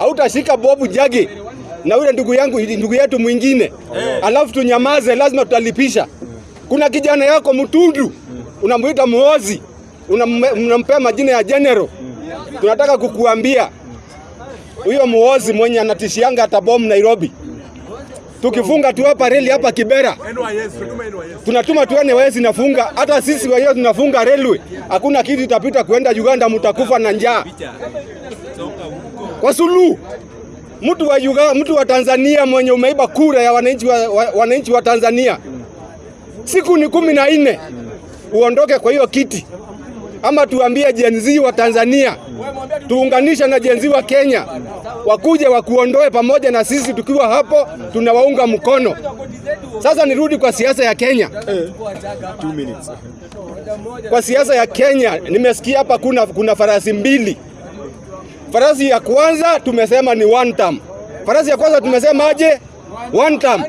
hautashika bobu jagi na yule ndugu yangu ndugu yetu mwingine, eh. alafu tunyamaze. Lazima tutalipisha. Kuna kijana yako mtundu, unamuita muozi, unampea majina ya general. Tunataka kukuambia huyo muozi mwenye anatishianga bomu Nairobi, tukifunga tu hapa reli hapa Kibera, tunatuma tu NYS inafunga, hata sisi wenyewe tunafunga railway. Hakuna kitu itapita kuenda Uganda, mutakufa na njaa kwa Suluhu. Mtu wa, Yuga, mtu wa Tanzania mwenye umeiba kura ya wananchi wa, wananchi wa Tanzania siku ni kumi na nne uondoke kwa hiyo kiti, ama tuambie jenzi wa Tanzania tuunganisha na jenzi wa Kenya wakuje wakuondoe pamoja na sisi, tukiwa hapo tunawaunga mkono. Sasa nirudi kwa siasa ya Kenya. Kwa siasa ya Kenya nimesikia hapa kuna, kuna farasi mbili farasi ya kwanza tumesema ni one term. Farasi ya kwanza tumesema aje? One term.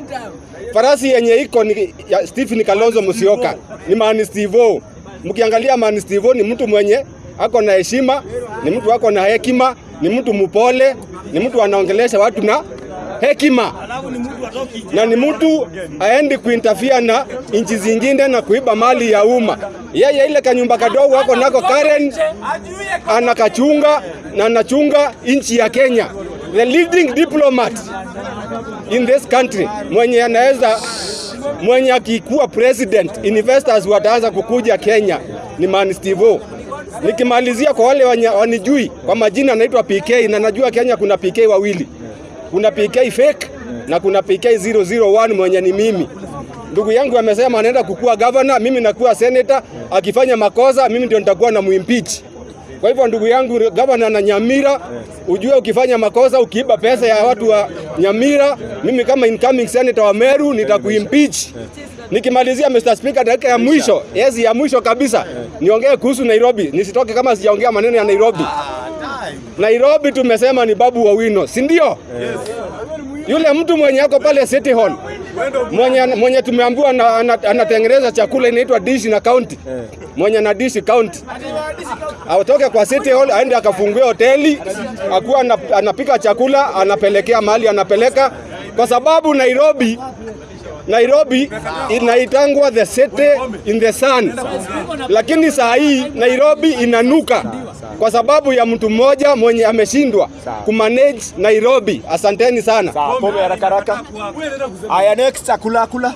Farasi yenye iko ni ya Stephen Kalonzo Musyoka ni Man Steve. Mkiangalia Man Steve ni mtu mwenye ako na heshima, ni mtu ako na hekima, ni mtu mpole, ni mtu anaongelesha watu na hekima na ni mtu aendi kuinterfere na nchi zingine na kuiba mali ya umma. Yeye ile kanyumba kadogo ako nako Karen anakachunga na anachunga nchi ya Kenya. The leading diplomat in this country mwenye anaweza mwenye akikuwa president investors wataanza kukuja Kenya ni Man Steve. Nikimalizia kwa wale wanijui kwa majina, anaitwa PK na najua Kenya kuna PK wawili. Kuna PK fake na kuna PK 001 mwenye ni mimi. Ndugu yangu amesema anaenda kukua governor, mimi nakuwa senator. Akifanya makosa, mimi ndio nitakuwa na muimpeach. Kwa hivyo ndugu yangu governor na Nyamira, ujue ukifanya makosa, ukiiba pesa ya watu wa Nyamira, mimi kama incoming senator wa Meru nitakuimpeach. Nikimalizia Mr. Speaker, dakika ya mwisho, yes, ya mwisho kabisa niongee kuhusu Nairobi. Nisitoke kama sijaongea maneno ya Nairobi. Nairobi tumesema ni Babu Owino, si ndio? Yule mtu mwenye yako pale City Hall mwenye, mwenye tumeambiwa anatengeneza chakula inaitwa dishi na county, mwenye na dishi county atoke kwa City Hall aende akafungue hoteli akuwa anapika chakula anapelekea mahali anapeleka, kwa sababu Nairobi Nairobi inaitangwa the city in the sun, lakini saa hii Nairobi inanuka kwa sababu ya mtu mmoja mwenye ameshindwa kumanage Nairobi. Asanteni sana. Haya, next akula akula.